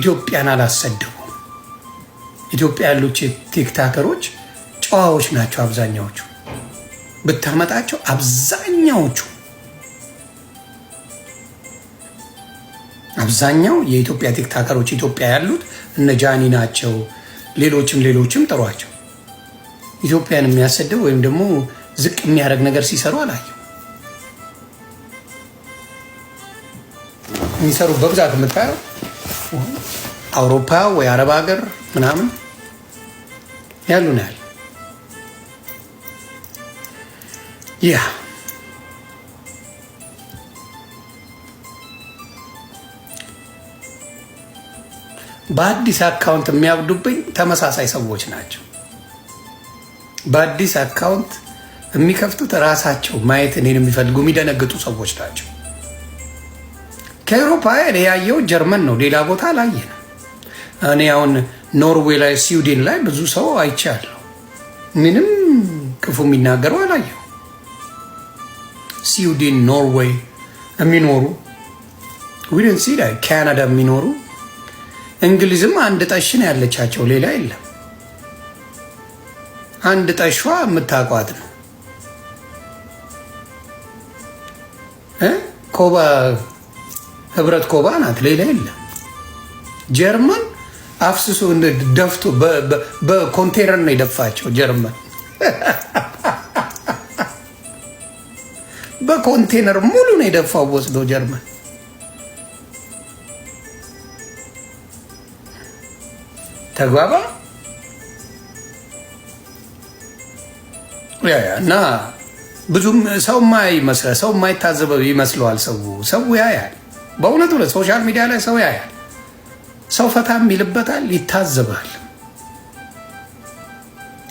ኢትዮጵያን አላሰደቡም። ኢትዮጵያ ያሉት ቲክታከሮች ጨዋዎች ናቸው። አብዛኛዎቹ ብታመጣቸው አብዛኛዎቹ አብዛኛው የኢትዮጵያ ቲክታከሮች ኢትዮጵያ ያሉት እነ ጃኒ ናቸው። ሌሎችም ሌሎችም ጥሯቸው። ኢትዮጵያን የሚያሰድብ ወይም ደግሞ ዝቅ የሚያደርግ ነገር ሲሰሩ አላየው። የሚሰሩ በብዛት የምታየው አውሮፓ ወይ አረብ ሀገር ምናምን ያሉ ነው ያ በአዲስ አካውንት የሚያብዱብኝ ተመሳሳይ ሰዎች ናቸው። በአዲስ አካውንት የሚከፍቱት ራሳቸው ማየት እኔን የሚፈልጉ የሚደነግጡ ሰዎች ናቸው። ከአውሮፓ ያየው ጀርመን ነው፣ ሌላ ቦታ አላየ ነው። እኔ አሁን ኖርዌይ ላይ ስዊድን ላይ ብዙ ሰው አይቻለሁ። ምንም ክፉ የሚናገሩ አላየው። ስዊድን ኖርዌይ የሚኖሩ ሲ ላይ ካናዳ የሚኖሩ እንግሊዝም አንድ ጠሽ ነው ያለቻቸው፣ ሌላ የለም። አንድ ጠሿ የምታቋት ነው። ኮባ ህብረት ኮባ ናት፣ ሌላ የለም። ጀርመን አፍስሶ ደፍቶ በኮንቴነር ነው የደፋቸው። ጀርመን በኮንቴነር ሙሉ ነው የደፋው ወስዶ ጀርመን ተግባባ እና ብዙም ሰው ማይመስለ ሰው ማይታዘበው ይመስለዋል። ሰው ሰው ያያል በእውነት እውነት ሶሻል ሚዲያ ላይ ሰው ያያል፣ ሰው ፈታም ይልበታል፣ ይታዘባል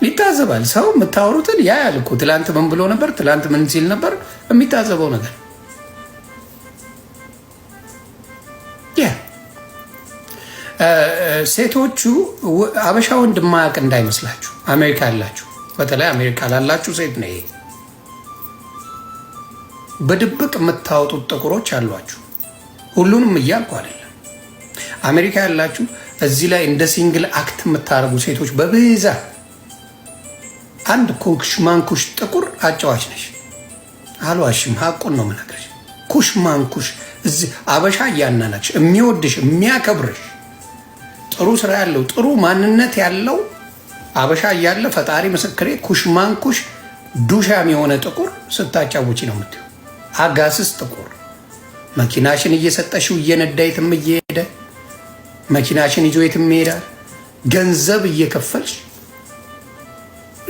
ይታዘባል። ሰው የምታወሩትን ያያል እኮ ትላንት ምን ብሎ ነበር፣ ትላንት ምን ሲል ነበር፣ የሚታዘበው ነገር ሴቶቹ አበሻ ወንድ ማያውቅ እንዳይመስላችሁ። አሜሪካ ያላችሁ በተለይ አሜሪካ ላላችሁ ሴት ነው ይሄ። በድብቅ የምታወጡት ጥቁሮች አሏችሁ። ሁሉንም እያልኩ አይደለም። አሜሪካ ያላችሁ እዚህ ላይ እንደ ሲንግል አክት የምታደርጉ ሴቶች በብዛት አንድ ኩሽ ማንኩሽ ጥቁር አጫዋች ነሽ። አልዋሽም፣ ሀቁን ነው የምነግርሽ። ኩሽ ማንኩሽ እዚህ አበሻ እያናናች የሚወድሽ የሚያከብርሽ ጥሩ ስራ ያለው ጥሩ ማንነት ያለው አበሻ እያለ ፈጣሪ ምስክሬ፣ ኩሽ ማንኩሽ ዱሻም የሆነ ጥቁር ስታጫውቺ ነው የምትይው። አጋስስ ጥቁር መኪናሽን እየሰጠሽው እየነዳ የትም እየሄደ መኪናሽን ይዞ የትም ይሄዳል። ገንዘብ እየከፈልሽ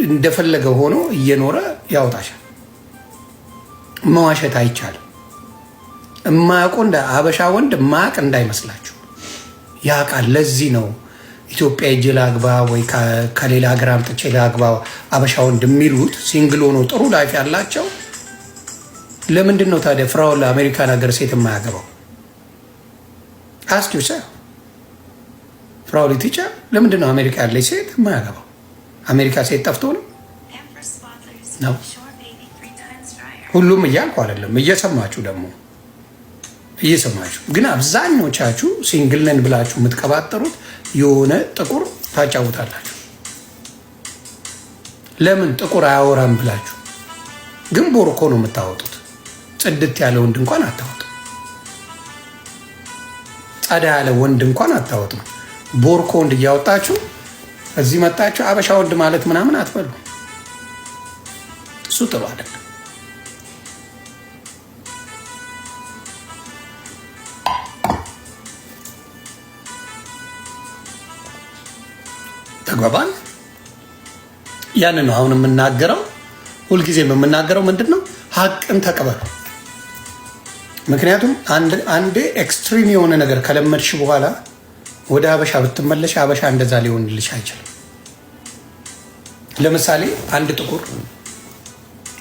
እንደፈለገ ሆኖ እየኖረ ያወጣሻል። መዋሸት አይቻልም። እማያውቁ እንደ አበሻ ወንድ ማቅ እንዳይመስላችሁ ያውቃል። ለዚህ ነው ኢትዮጵያ እጅ ላግባ ወይ ከሌላ ሀገር አምጥቼ ላግባ አበሻ ወንድ የሚሉት ሲንግል ሆኖ ጥሩ ላይፍ ያላቸው ለምንድን ነው ታዲያ ፍራው ለአሜሪካን ሀገር ሴት የማያገባው? አስኪው ሰ ፍራኦል ቲቻ ለምንድን ነው አሜሪካ ያለች ሴት የማያገባው? አሜሪካ ሴት ጠፍቶ ነው ነው ሁሉም እያልኩ አይደለም። እየሰማችሁ ደግሞ እየሰማችሁ ግን አብዛኞቻችሁ ሲንግል ነን ብላችሁ የምትቀባጠሩት የሆነ ጥቁር ታጫውታላችሁ። ለምን ጥቁር አያወራም ብላችሁ ግን ቦርኮ ነው የምታወጡት። ጽድት ያለ ወንድ እንኳን አታወጡ፣ ጸዳ ያለ ወንድ እንኳን አታወጡ። ቦርኮ ወንድ እያወጣችሁ እዚህ መጣችሁ አበሻ ወንድ ማለት ምናምን አትበሉ። እሱ ጥሩ አይደለም። ተግባባል። ያንን ነው አሁን የምናገረው። ሁልጊዜም የምናገረው ምንድን ነው? ሀቅን ተቀበሉ። ምክንያቱም አንዴ ኤክስትሪም የሆነ ነገር ከለመድሽ በኋላ ወደ ሀበሻ ብትመለሽ ሀበሻ እንደዛ ሊሆንልሽ አይችልም። ለምሳሌ አንድ ጥቁር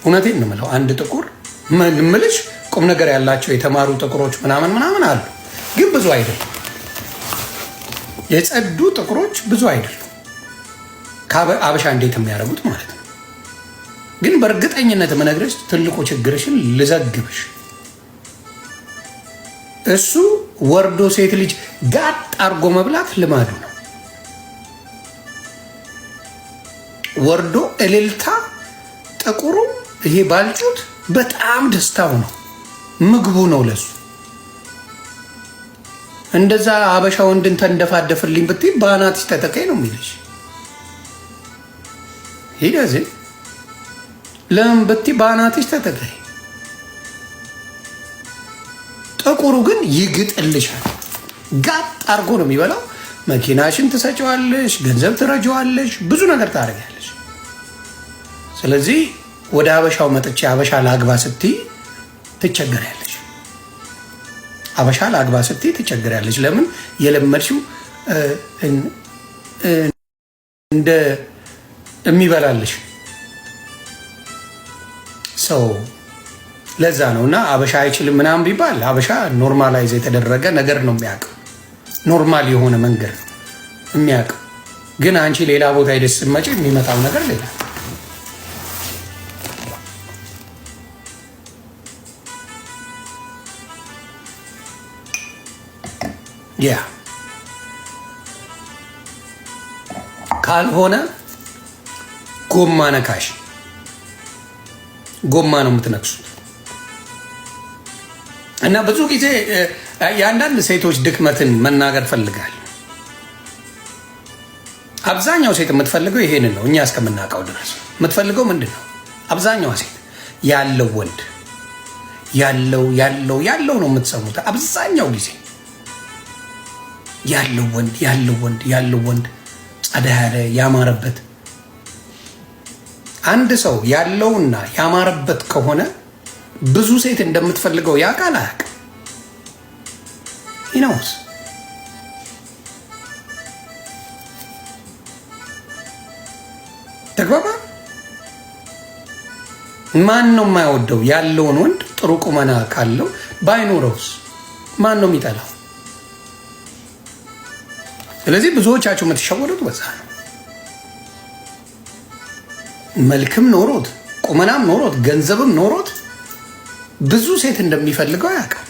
እውነቴን ነው የምለው አንድ ጥቁር ምልሽ ቁም ነገር ያላቸው የተማሩ ጥቁሮች ምናምን ምናምን አሉ፣ ግን ብዙ አይደሉም። የጸዱ ጥቁሮች ብዙ አይደሉም። ሀበሻ እንዴት የሚያደርጉት ማለት ነው። ግን በእርግጠኝነት የምነግርሽ ትልቁ ችግርሽን ልዘግብሽ እሱ ወርዶ ሴት ልጅ ጋጥ አርጎ መብላት ልማዱ ነው። ወርዶ እልልታ፣ ጥቁሩ ይሄ ባልጩት በጣም ደስታው ነው፣ ምግቡ ነው ለሱ። እንደዛ አበሻ ወንድን ተንደፋደፍልኝ ብትይ በአናትሽ ተጠቀኝ ነው የሚልሽ። ሂደዚ ለምን ብትይ በአናትሽ ተተካኝ ጥቁሩ ግን ይግጥልሻል። ጋጥ አድርጎ ነው የሚበላው። መኪናሽን ትሰጪዋለሽ፣ ገንዘብ ትረጂዋለሽ፣ ብዙ ነገር ታደርጊያለሽ። ስለዚህ ወደ ሀበሻው መጥቼ አበሻ ለአግባ ስትይ ትቸገሪያለሽ። አበሻ ላግባ ስትይ ትቸገሪያለሽ። ለምን የለመድሽው እንደ የሚበላልሽ ሰው ለዛ ነው እና አበሻ አይችልም ምናምን ቢባል አበሻ ኖርማላይዝ የተደረገ ነገር ነው የሚያውቀው፣ ኖርማል የሆነ መንገድ ነው የሚያውቀው። ግን አንቺ ሌላ ቦታ ሄደሽ መጪ የሚመጣው ነገር ሌላ ያ ካልሆነ ጎማ ነካሽ ጎማ ነው የምትነክሱት። እና ብዙ ጊዜ የአንዳንድ ሴቶች ድክመትን መናገር ፈልጋል። አብዛኛው ሴት የምትፈልገው ይሄንን ነው። እኛ እስከምናውቀው ድረስ የምትፈልገው ምንድን ነው? አብዛኛዋ ሴት ያለው ወንድ ያለው ያለው ያለው ነው የምትሰሙት። አብዛኛው ጊዜ ያለው ወንድ ያለው ወንድ ያለው ወንድ ጸዳ ያለ ያማረበት። አንድ ሰው ያለውና ያማረበት ከሆነ ብዙ ሴት እንደምትፈልገው ያውቃል። አያውቅ ይነውስ ተግባባ። ማን ነው የማይወደው? ያለውን ወንድ ጥሩ ቁመና ካለው ባይኖረውስ ማን ነው የሚጠላው? ስለዚህ ብዙዎቻችሁ የምትሸወዱት በዛ ነው። መልክም ኖሮት ቁመናም ኖሮት ገንዘብም ኖሮት ብዙ ሴት እንደሚፈልገው ያውቃል።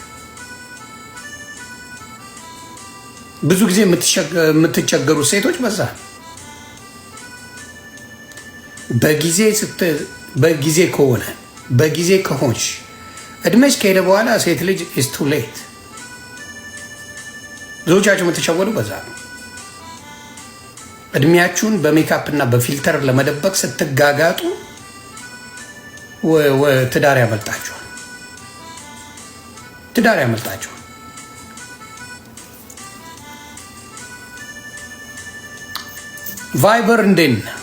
ብዙ ጊዜ የምትቸገሩት ሴቶች በዛ በጊዜ በጊዜ ከሆነ በጊዜ ከሆንሽ እድሜሽ ከሄደ በኋላ ሴት ልጅ ኢስቱ ሌት ብዙዎቻችሁ የምትሸወዱ በዛ ነው። እድሜያችሁን በሜካፕ እና በፊልተር ለመደበቅ ስትጋጋጡ ትዳር ያመልጣችኋል። ትዳር ያመልጣቸዋል። ቫይበር እንዴት